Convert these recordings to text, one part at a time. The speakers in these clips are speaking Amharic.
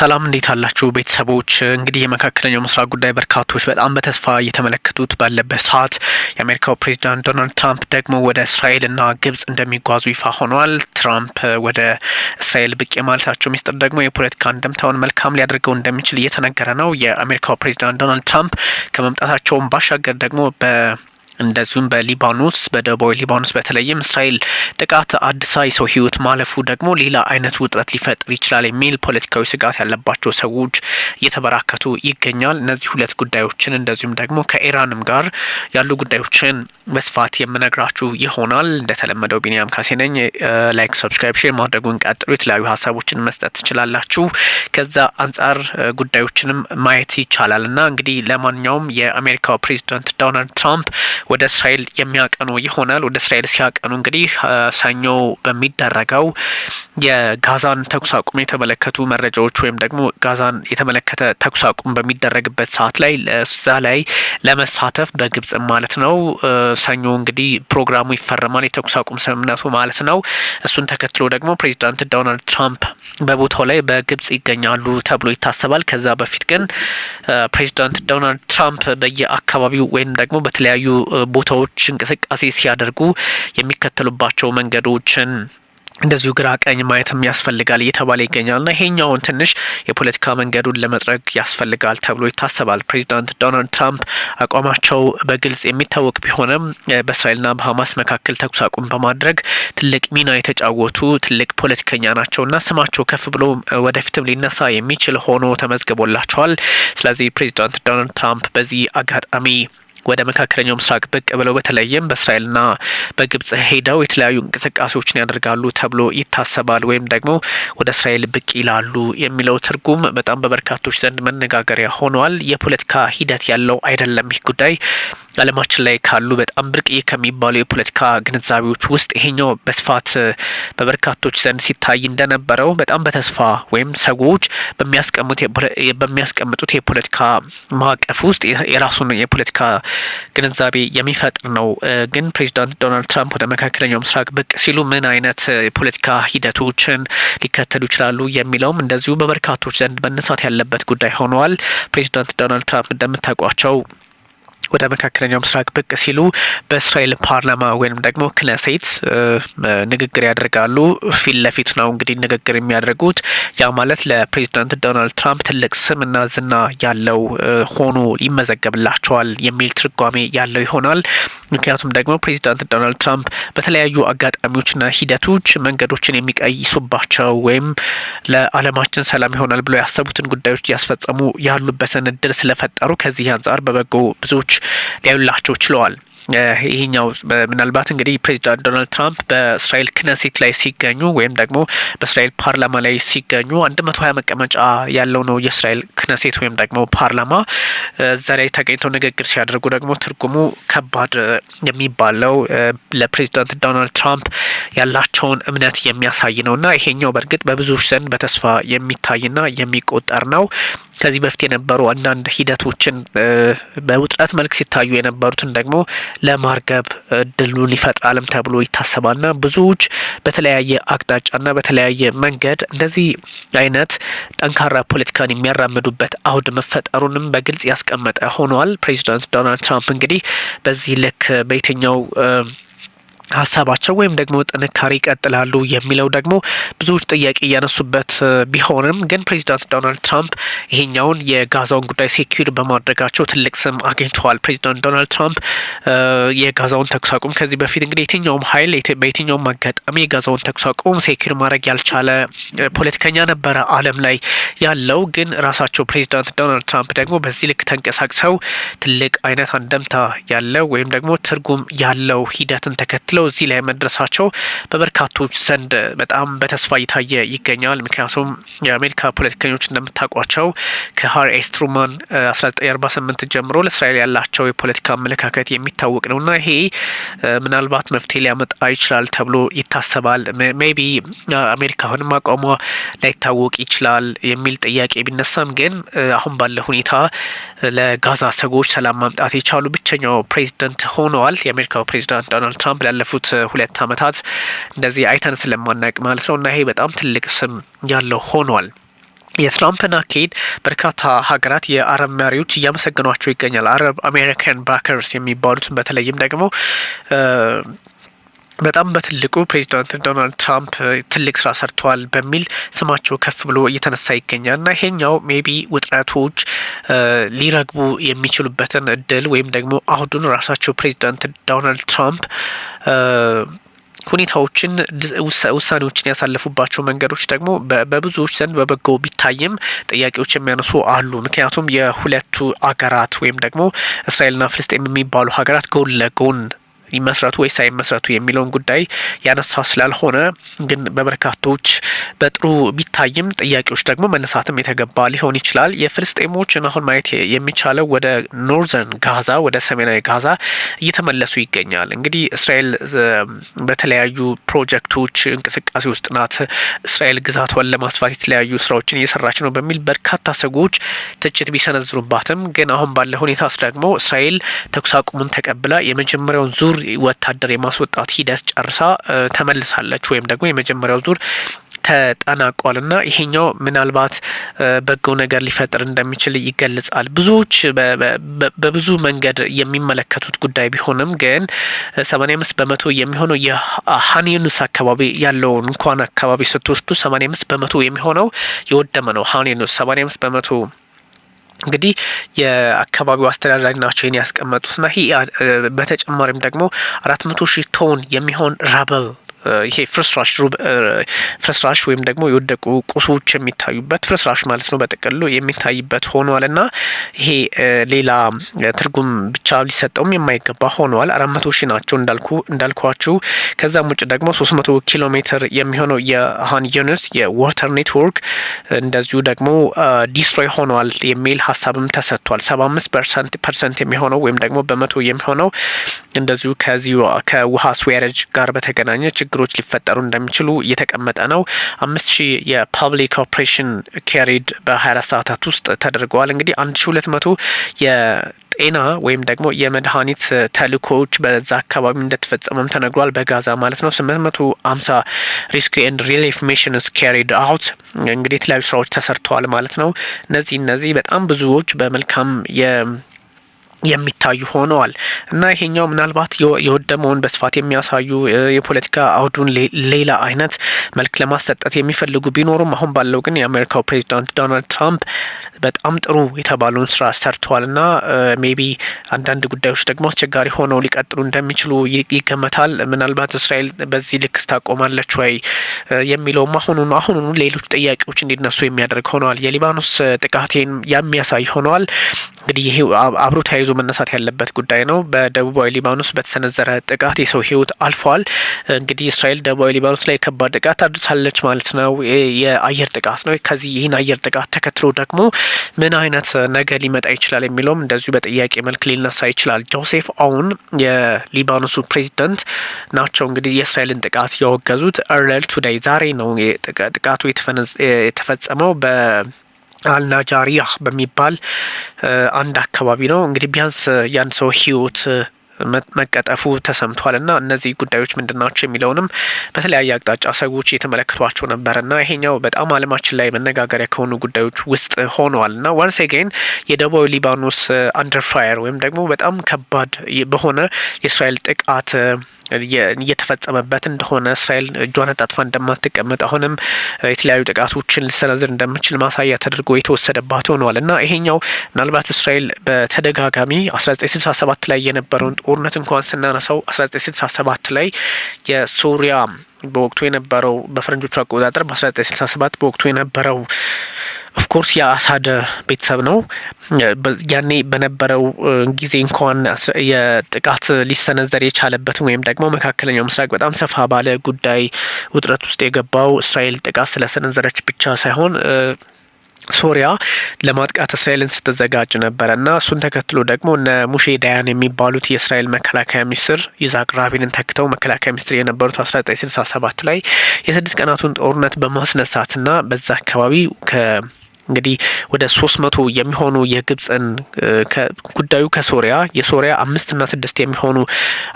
ሰላም እንዴት አላችሁ ቤተሰቦች? እንግዲህ የመካከለኛው ምስራቅ ጉዳይ በርካቶች በጣም በተስፋ እየተመለከቱት ባለበት ሰዓት የአሜሪካው ፕሬዚዳንት ዶናልድ ትራምፕ ደግሞ ወደ እስራኤልና ግብጽ እንደሚጓዙ ይፋ ሆኗል። ትራምፕ ወደ እስራኤል ብቅ የማለታቸው ሚስጥር ደግሞ የፖለቲካ አንደምታውን መልካም ሊያደርገው እንደሚችል እየተነገረ ነው። የአሜሪካው ፕሬዚዳንት ዶናልድ ትራምፕ ከመምጣታቸውን ባሻገር ደግሞ በ እንደዚሁም በሊባኖስ በደቡባዊ ሊባኖስ በተለይም እስራኤል ጥቃት አድሳ ሰው ህይወት ማለፉ ደግሞ ሌላ አይነት ውጥረት ሊፈጥር ይችላል የሚል ፖለቲካዊ ስጋት ያለባቸው ሰዎች እየተበራከቱ ይገኛል። እነዚህ ሁለት ጉዳዮችን እንደዚሁም ደግሞ ከኢራንም ጋር ያሉ ጉዳዮችን በስፋት የምነግራችሁ ይሆናል። እንደተለመደው ቢኒያም ካሴ ነኝ። ላይክ፣ ሰብስክራይብ፣ ሼር ማድረጉን ቀጥሉ። የተለያዩ ሀሳቦችን መስጠት ትችላላችሁ። ከዛ አንጻር ጉዳዮችንም ማየት ይቻላል እና እንግዲህ ለማንኛውም የአሜሪካው ፕሬዚዳንት ዶናልድ ትራምፕ ወደ እስራኤል የሚያቀኑ ይሆናል። ወደ እስራኤል ሲያቀኑ እንግዲህ ሰኞ በሚደረገው የጋዛን ተኩስ አቁም የተመለከቱ መረጃዎች ወይም ደግሞ ጋዛን የተመለከተ ተኩስ አቁም በሚደረግበት ሰዓት ላይ እዛ ላይ ለመሳተፍ በግብጽ ማለት ነው ሰኞ እንግዲህ ፕሮግራሙ ይፈረማል፣ የተኩስ አቁም ስምምነቱ ማለት ነው። እሱን ተከትሎ ደግሞ ፕሬዚዳንት ዶናልድ ትራምፕ በቦታው ላይ በግብጽ ይገኛሉ ተብሎ ይታሰባል። ከዛ በፊት ግን ፕሬዚዳንት ዶናልድ ትራምፕ በየአካባቢው ወይም ደግሞ በተለያዩ ቦታዎች እንቅስቃሴ ሲያደርጉ የሚከተሉባቸው መንገዶችን እንደዚሁ ግራ ቀኝ ማየትም ያስፈልጋል እየተባለ ይገኛል። ና ይሄኛውን ትንሽ የፖለቲካ መንገዱን ለመጥረግ ያስፈልጋል ተብሎ ይታሰባል። ፕሬዚዳንት ዶናልድ ትራምፕ አቋማቸው በግልጽ የሚታወቅ ቢሆንም ና በሀማስ መካከል ተኩስ አቁም በማድረግ ትልቅ ሚና የተጫወቱ ትልቅ ፖለቲከኛ ናቸው እና ስማቸው ከፍ ብሎ ወደፊትም ሊነሳ የሚችል ሆኖ ተመዝግቦላቸዋል። ስለዚህ ፕሬዚዳንት ዶናልድ ትራምፕ በዚህ አጋጣሚ ወደ መካከለኛው ምስራቅ ብቅ ብለው በተለይም በእስራኤልና በግብጽ ሄደው የተለያዩ እንቅስቃሴዎችን ያደርጋሉ ተብሎ ይታሰባል። ወይም ደግሞ ወደ እስራኤል ብቅ ይላሉ የሚለው ትርጉም በጣም በበርካቶች ዘንድ መነጋገሪያ ሆኗል። የፖለቲካ ሂደት ያለው አይደለም ይህ ጉዳይ አለማችን ላይ ካሉ በጣም ብርቅዬ ከሚባሉ የፖለቲካ ግንዛቤዎች ውስጥ ይሄኛው በስፋት በበርካቶች ዘንድ ሲታይ እንደነበረው በጣም በተስፋ ወይም ሰዎች በሚያስቀምጡት የፖለቲካ ማዕቀፍ ውስጥ የራሱን የፖለቲካ ግንዛቤ የሚፈጥር ነው። ግን ፕሬዚዳንት ዶናልድ ትራምፕ ወደ መካከለኛው ምስራቅ ብቅ ሲሉ ምን አይነት የፖለቲካ ሂደቶችን ሊከተሉ ይችላሉ የሚለውም እንደዚሁ በበርካቶች ዘንድ መነሳት ያለበት ጉዳይ ሆነዋል። ፕሬዚዳንት ዶናልድ ትራምፕ እንደምታውቋቸው ወደ መካከለኛው ምስራቅ ብቅ ሲሉ በእስራኤል ፓርላማ ወይም ደግሞ ክነሴት ንግግር ያደርጋሉ። ፊት ለፊት ነው እንግዲህ ንግግር የሚያደርጉት። ያ ማለት ለፕሬዚዳንት ዶናልድ ትራምፕ ትልቅ እና ዝና ያለው ሆኖ ይመዘገብላቸዋል የሚል ትርጓሜ ያለው ይሆናል። ምክንያቱም ደግሞ ፕሬዚዳንት ዶናልድ ትራምፕ በተለያዩ አጋጣሚዎችና ሂደቶች መንገዶችን የሚቀይሱባቸው ወይም ለዓለማችን ሰላም ይሆናል ብሎ ያሰቡትን ጉዳዮች እያስፈጸሙ ያሉበትን እድል ስለፈጠሩ ከዚህ አንጻር በበጎ ብዙዎች ሊያዩላቸው ችለዋል። ይህኛው ምናልባት እንግዲህ ፕሬዚዳንት ዶናልድ ትራምፕ በእስራኤል ክነሴት ላይ ሲገኙ ወይም ደግሞ በእስራኤል ፓርላማ ላይ ሲገኙ አንድ መቶ ሀያ መቀመጫ ያለው ነው የእስራኤል ክነሴት ወይም ደግሞ ፓርላማ። እዛ ላይ ተገኝተው ንግግር ሲያደርጉ ደግሞ ትርጉሙ ከባድ የሚባለው ለፕሬዚዳንት ዶናልድ ትራምፕ ያላቸውን እምነት የሚያሳይ ነው እና ይሄኛው በእርግጥ በብዙዎች ዘንድ በተስፋ የሚታይና የሚቆጠር ነው። ከዚህ በፊት የነበሩ አንዳንድ ሂደቶችን በውጥረት መልክ ሲታዩ የነበሩትን ደግሞ ለማርገብ እድሉን ይፈጥራልም ተብሎ ይታሰባልና ብዙዎች በተለያየ አቅጣጫና በተለያየ መንገድ እንደዚህ አይነት ጠንካራ ፖለቲካን የሚያራምዱበት አውድ መፈጠሩንም በግልጽ ያስቀመጠ ሆኗል። ፕሬዚዳንት ዶናልድ ትራምፕ እንግዲህ በዚህ ልክ በየትኛው ሀሳባቸው ወይም ደግሞ ጥንካሬ ይቀጥላሉ የሚለው ደግሞ ብዙዎች ጥያቄ እያነሱበት ቢሆንም ግን ፕሬዚዳንት ዶናልድ ትራምፕ ይሄኛውን የጋዛውን ጉዳይ ሴኪር በማድረጋቸው ትልቅ ስም አግኝተዋል። ፕሬዚዳንት ዶናልድ ትራምፕ የጋዛውን ተኩስ አቁም ከዚህ በፊት እንግዲህ የትኛውም ኃይል በየትኛውም አጋጣሚ የጋዛውን ተኩስ አቁም ሴኪር ማድረግ ያልቻለ ፖለቲከኛ ነበረ ዓለም ላይ ያለው። ግን ራሳቸው ፕሬዚዳንት ዶናልድ ትራምፕ ደግሞ በዚህ ልክ ተንቀሳቅሰው ትልቅ አይነት አንደምታ ያለው ወይም ደግሞ ትርጉም ያለው ሂደትን ተከትለው ነው እዚህ ላይ መድረሳቸው በበርካቶች ዘንድ በጣም በተስፋ እየታየ ይገኛል። ምክንያቱም የአሜሪካ ፖለቲከኞች እንደምታውቋቸው ከሃሪ ኤስ ትሩማን 1948 ጀምሮ ለእስራኤል ያላቸው የፖለቲካ አመለካከት የሚታወቅ ነው እና ይሄ ምናልባት መፍትሄ ሊያመጣ ይችላል ተብሎ ይታሰባል። ሜቢ አሜሪካ አሁንም አቋሟ ላይታወቅ ይችላል የሚል ጥያቄ ቢነሳም ግን አሁን ባለ ሁኔታ ለጋዛ ሰዎች ሰላም ማምጣት የቻሉ ብቸኛው ፕሬዚደንት ሆነዋል። የአሜሪካው ፕሬዚዳንት ዶናልድ ትራምፕ ላለፈው ባለፉት ሁለት ዓመታት እንደዚህ አይተን ስለማናቅ ማለት ነው እና ይሄ በጣም ትልቅ ስም ያለው ሆኗል። የትራምፕን አካሄድ በርካታ ሀገራት የአረብ መሪዎች እያመሰግኗቸው ይገኛል። አረብ አሜሪካን ባከርስ የሚባሉትን በተለይም ደግሞ በጣም በትልቁ ፕሬዚዳንት ዶናልድ ትራምፕ ትልቅ ስራ ሰርተዋል በሚል ስማቸው ከፍ ብሎ እየተነሳ ይገኛል እና ይሄኛው ሜቢ ውጥረቶች ሊረግቡ የሚችሉበትን እድል ወይም ደግሞ አሁዱን ራሳቸው ፕሬዚዳንት ዶናልድ ትራምፕ ሁኔታዎችን ውሳኔዎችን ያሳለፉባቸው መንገዶች ደግሞ በብዙዎች ዘንድ በበጎ ቢታይም ጥያቄዎች የሚያነሱ አሉ። ምክንያቱም የሁለቱ አገራት ወይም ደግሞ እስራኤልና ፍልስጤም የሚባሉ ሀገራት ጎን ለጎን ይመስረቱ ወይስ አይመስረቱ የሚለውን ጉዳይ ያነሳ ስላልሆነ ግን በበርካቶች በጥሩ ቢታይም ጥያቄዎች ደግሞ መነሳትም የተገባ ሊሆን ይችላል። የፍልስጤሞችን አሁን ማየት የሚቻለው ወደ ኖርዘርን ጋዛ ወደ ሰሜናዊ ጋዛ እየተመለሱ ይገኛል። እንግዲህ እስራኤል በተለያዩ ፕሮጀክቶች እንቅስቃሴ ውስጥ ናት። እስራኤል ግዛቷን ለማስፋት የተለያዩ ስራዎችን እየሰራች ነው በሚል በርካታ ሰዎች ትችት ቢሰነዝሩባትም ግን አሁን ባለ ሁኔታስ ደግሞ እስራኤል ተኩስ አቁሙን ተቀብላ የመጀመሪያውን ዙር ዙር ወታደር የማስወጣት ሂደት ጨርሳ ተመልሳለች ወይም ደግሞ የመጀመሪያው ዙር ተጠናቋል እና ይሄኛው ምናልባት በጎ ነገር ሊፈጥር እንደሚችል ይገልጻል። ብዙዎች በብዙ መንገድ የሚመለከቱት ጉዳይ ቢሆንም ግን 85 አምስት በመቶ የሚሆነው የሀኔኑስ አካባቢ ያለውን እንኳን አካባቢ ስትወስዱ ሰማንያ አምስት በመቶ የሚሆነው የወደመ ነው። ሀኔኑስ ሰማንያ አምስት በመቶ እንግዲህ የአካባቢው አስተዳዳሪ ናቸው ይህን ያስቀመጡትና በተጨማሪም ደግሞ አራት መቶ ሺህ ቶን የሚሆን ራበል ይሄ ፍርስራሽ ፍርስራሽ ወይም ደግሞ የወደቁ ቁሶች የሚታዩበት ፍርስራሽ ማለት ነው በጥቅሉ የሚታይበት ሆኗል እና ይሄ ሌላ ትርጉም ብቻ ሊሰጠውም የማይገባ ሆኗል። አራት መቶ ሺህ ናቸው እንዳልኩ እንዳልኳችሁ። ከዛም ውጭ ደግሞ ሶስት መቶ ኪሎ ሜትር የሚሆነው የሃን ዩኒስ የዋተር ኔትወርክ እንደዚሁ ደግሞ ዲስትሮይ ሆኗል የሚል ሀሳብም ተሰጥቷል። ሰባ አምስት ፐርሰንት ፐርሰንት የሚሆነው ወይም ደግሞ በመቶ የሚሆነው እንደዚሁ ከዚህ ከውሃ ስዌረጅ ጋር በተገናኘ ችግሮች ሊፈጠሩ እንደሚችሉ እየተቀመጠ ነው። አምስት ሺህ የፐብሊክ ኦፕሬሽን ካሪድ በ24 ሰዓታት ውስጥ ተደርገዋል። እንግዲህ አንድ ሺ ሁለት መቶ ጤና ወይም ደግሞ የመድኃኒት ተልእኮዎች በዛ አካባቢ እንደተፈጸመም ተነግሯል። በጋዛ ማለት ነው። ስምንት መቶ አምሳ ሪስክ ኤንድ ሪሊፍ ሚሽንስ ካሪድ አውት እንግዲህ የተለያዩ ስራዎች ተሰርተዋል ማለት ነው። እነዚህ እነዚህ በጣም ብዙዎች በመልካም የሚታዩ ሆነዋል እና ይሄኛው ምናልባት የወደመውን በስፋት የሚያሳዩ የፖለቲካ አውዱን ሌላ አይነት መልክ ለማሰጠት የሚፈልጉ ቢኖሩም አሁን ባለው ግን የአሜሪካው ፕሬዚዳንት ዶናልድ ትራምፕ በጣም ጥሩ የተባለውን ስራ ሰርተዋል እና ሜቢ አንዳንድ ጉዳዮች ደግሞ አስቸጋሪ ሆነው ሊቀጥሉ እንደሚችሉ ይገመታል። ምናልባት እስራኤል በዚህ ልክ ስታቆማለች ወይ የሚለውም አሁኑኑ አሁኑኑ ሌሎች ጥያቄዎች እንዲነሱ የሚያደርግ ሆነዋል። የሊባኖስ ጥቃቴን የሚያሳይ ሆነዋል። እንግዲህ ይሄ አብሮ ተያይዞ ተያይዞ መነሳት ያለበት ጉዳይ ነው። በደቡባዊ ሊባኖስ በተሰነዘረ ጥቃት የሰው ህይወት አልፏል። እንግዲህ እስራኤል ደቡባዊ ሊባኖስ ላይ ከባድ ጥቃት አድርሳለች ማለት ነው። የአየር ጥቃት ነው። ከዚህ ይህን አየር ጥቃት ተከትሎ ደግሞ ምን አይነት ነገር ሊመጣ ይችላል የሚለውም እንደዚሁ በጥያቄ መልክ ሊነሳ ይችላል። ጆሴፍ አውን የሊባኖሱ ፕሬዚዳንት ናቸው። እንግዲህ የእስራኤልን ጥቃት ያወገዙት እርለል ቱዳይ ዛሬ ነው ጥቃቱ የተፈጸመው በ አልናጃሪያ በሚባል አንድ አካባቢ ነው እንግዲህ ቢያንስ የአንድ ሰው ህይወት መቀጠፉ ተሰምቷል። እና እነዚህ ጉዳዮች ምንድናቸው የሚለውንም በተለያየ አቅጣጫ ሰዎች እየተመለከቷቸው ነበር። እና ይሄኛው በጣም አለማችን ላይ መነጋገሪያ ከሆኑ ጉዳዮች ውስጥ ሆነዋል። እና ዋንስ አገን የደቡብ ሊባኖስ አንደር ፋየር ወይም ደግሞ በጣም ከባድ በሆነ የእስራኤል ጥቃት እየተፈጸመበት እንደሆነ እስራኤል እጇን አጣጥፋ እንደማትቀመጥ አሁንም የተለያዩ ጥቃቶችን ልሰነዝር እንደምችል ማሳያ ተደርጎ የተወሰደባት ሆነዋል እና ይሄኛው ምናልባት እስራኤል በተደጋጋሚ 1967 ላይ የነበረውን ጦርነት እንኳን ስናነሳው 1967 ላይ የሶሪያ በወቅቱ የነበረው በፈረንጆቹ አቆጣጠር በ1967 በወቅቱ የነበረው ኦፍኮርስ የአሳድ ቤተሰብ ነው። ያኔ በነበረው ጊዜ እንኳን የጥቃት ሊሰነዘር የቻለበትን ወይም ደግሞ መካከለኛው ምስራቅ በጣም ሰፋ ባለ ጉዳይ ውጥረት ውስጥ የገባው እስራኤል ጥቃት ስለሰነዘረች ብቻ ሳይሆን ሶሪያ ለማጥቃት እስራኤልን ስትዘጋጅ ነበረ እና እሱን ተከትሎ ደግሞ እነ ሙሼ ዳያን የሚባሉት የእስራኤል መከላከያ ሚኒስትር ይዛቅ ራቢንን ተክተው መከላከያ ሚኒስትር የነበሩት ሰባት ላይ የስድስት ቀናቱን ጦርነት በማስነሳትና በዛ አካባቢ ከ እንግዲህ ወደ ሶስት መቶ የሚሆኑ የግብፅን ጉዳዩ ከሶሪያ የሶሪያ አምስትና ስድስት የሚሆኑ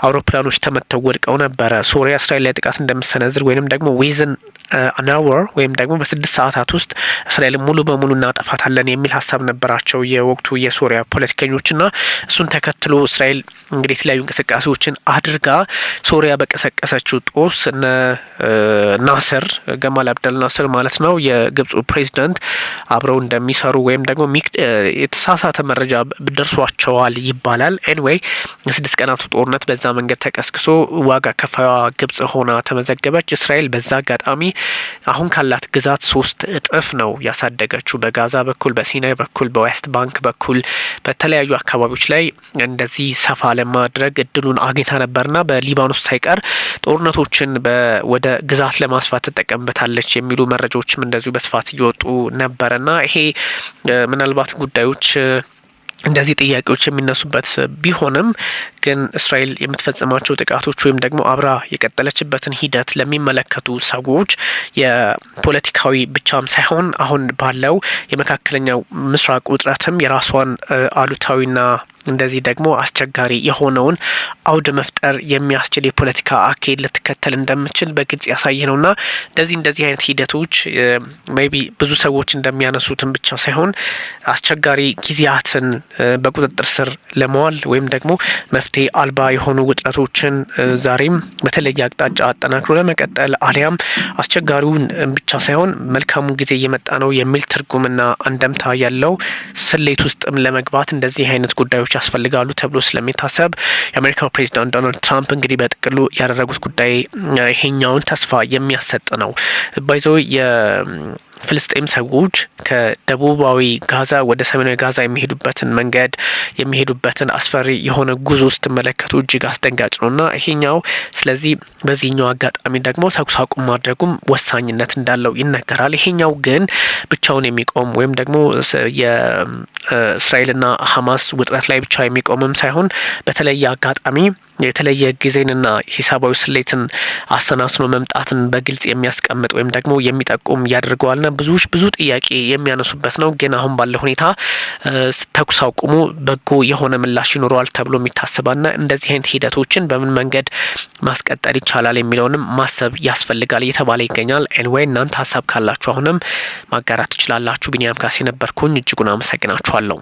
አውሮፕላኖች ተመተው ወድቀው ነበረ። ሶሪያ እስራኤል ላይ ጥቃት እንደምሰነዝር ወይንም ደግሞ ዌዝን አናወር ወይም ደግሞ በስድስት ሰዓታት ውስጥ እስራኤልን ሙሉ በሙሉ እናጠፋታለን የሚል ሀሳብ ነበራቸው የወቅቱ የሶሪያ ፖለቲከኞችና እሱን ተከትሎ እስራኤል እንግዲህ የተለያዩ እንቅስቃሴዎችን አድርጋ ሶሪያ በቀሰቀሰችው ጦስ እነ ናስር ገማል አብደል ናስር ማለት ነው የግብፁ ፕሬዚደንት አብረው እንደሚሰሩ ወይም ደግሞ የተሳሳተ መረጃ ደርሷቸዋል ይባላል። ኤንዌይ የስድስት ቀናቱ ጦርነት በዛ መንገድ ተቀስቅሶ ዋጋ ከፋዋ ግብጽ ሆና ተመዘገበች። እስራኤል በዛ አጋጣሚ አሁን ካላት ግዛት ሶስት እጥፍ ነው ያሳደገችው። በጋዛ በኩል በሲናይ በኩል በዌስት ባንክ በኩል በተለያዩ አካባቢዎች ላይ እንደዚህ ሰፋ ለማድረግ እድሉን አግኝታ ነበርና በሊባኖስ ሳይቀር ጦርነቶችን ወደ ግዛት ለማስፋት ትጠቀምበታለች የሚሉ መረጃዎችም እንደዚሁ በስፋት እየወጡ ነበረና ይሄ ምናልባት ጉዳዮች እንደዚህ ጥያቄዎች የሚነሱበት ቢሆንም ግን እስራኤል የምትፈጽማቸው ጥቃቶች ወይም ደግሞ አብራ የቀጠለችበትን ሂደት ለሚመለከቱ ሰዎች የፖለቲካዊ ብቻም ሳይሆን አሁን ባለው የመካከለኛው ምስራቅ ውጥረትም የራሷን አሉታዊና እንደዚህ ደግሞ አስቸጋሪ የሆነውን አውድ መፍጠር የሚያስችል የፖለቲካ አካሄድ ልትከተል እንደምችል በግልጽ ያሳየ ነውና እንደዚህ እንደዚህ አይነት ሂደቶች ሜይ ቢ ብዙ ሰዎች እንደሚያነሱትን ብቻ ሳይሆን አስቸጋሪ ጊዜያትን በቁጥጥር ስር ለመዋል ወይም ደግሞ መፍትሄ አልባ የሆኑ ውጥረቶችን ዛሬም በተለየ አቅጣጫ አጠናክሮ ለመቀጠል አሊያም አስቸጋሪውን ብቻ ሳይሆን መልካሙ ጊዜ እየመጣ ነው የሚል ትርጉምና አንደምታ ያለው ስሌት ውስጥም ለመግባት እንደዚህ አይነት ጉዳዮች ያስፈልጋሉ ተብሎ ስለሚታሰብ የአሜሪካው ፕሬዚዳንት ዶናልድ ትራምፕ እንግዲህ በጥቅሉ ያደረጉት ጉዳይ ይሄኛውን ተስፋ የሚያሰጥ ነው ባይዘው ፍልስጤም ሰዎች ከደቡባዊ ጋዛ ወደ ሰሜናዊ ጋዛ የሚሄዱበትን መንገድ የሚሄዱበትን አስፈሪ የሆነ ጉዞ ስትመለከቱ እጅግ አስደንጋጭ ነውና ይሄኛው ስለዚህ በዚህኛው አጋጣሚ ደግሞ ተኩስ አቁም ማድረጉም ወሳኝነት እንዳለው ይነገራል። ይሄኛው ግን ብቻውን የሚቆም ወይም ደግሞ የእስራኤልና ሀማስ ውጥረት ላይ ብቻ የሚቆምም ሳይሆን በተለየ አጋጣሚ የተለየ ጊዜንና ሂሳባዊ ስሌትን አሰናስኖ መምጣትን በግልጽ የሚያስቀምጥ ወይም ደግሞ የሚጠቁም ያደርገዋልና ብዙዎች ብዙ ጥያቄ የሚያነሱበት ነው። ግን አሁን ባለ ሁኔታ ተኩስ አቁሙ በጎ የሆነ ምላሽ ይኖረዋል ተብሎ የሚታሰባልና እንደዚህ አይነት ሂደቶችን በምን መንገድ ማስቀጠል ይቻላል የሚለውንም ማሰብ ያስፈልጋል እየተባለ ይገኛል። ኤንዌይ እናንተ ሀሳብ ካላችሁ አሁንም ማጋራት ትችላላችሁ። ቢኒያም ካሴ ነበርኩኝ። እጅጉን አመሰግናችኋለሁ።